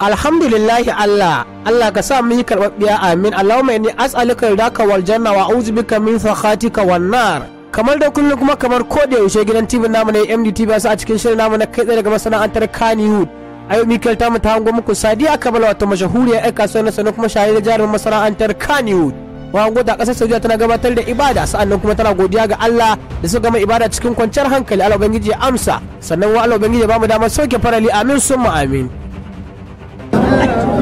alhamdulillahi Allah Allah ka sa mu yi karɓaɓɓiya amin Allahumma inni as'aluka ridaka wal janna wa a'udhu bika min sakhatika wan nar kamar da kullum kuma kamar ko da yaushe gidan TV namu ne MDTV a cikin shirin namu na kai tsaye daga masana'antar Kannywood ayo Mikel ta ta hango muku Sadiya Kabala wato mashahuriya ƴar kasuwar na sanin kuma shahararren jarumin masana'antar Kannywood hango da ƙasar Saudiya tana gabatar da ibada sa'annan kuma tana godiya ga Allah da suka gama ibada cikin kwanciyar hankali Allah ubangiji amsa sannan wa Allah ubangiji bamu damar sauke farali amin summa amin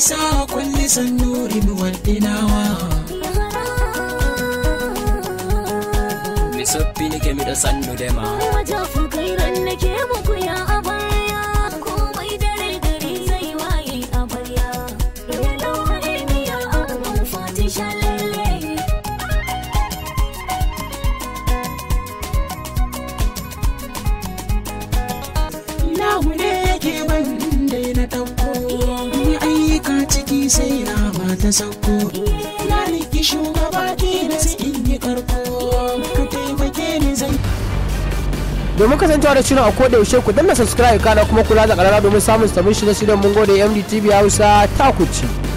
isa kulli sannuri muwaddinawa mi soppi nike miɗo sannu dema wajafun ya komai dare dare zai waye abarya ya laura emiya a fatishan sai na ba ta sauko na riki shugaba da sai in yi karko ka taimake ni zai domin kasancewa da shirin a koda yaushe ku danna subscribe kana kuma kula da karara domin samun sabbin shirye-shiryen mun gode MDTV Hausa ta kuci.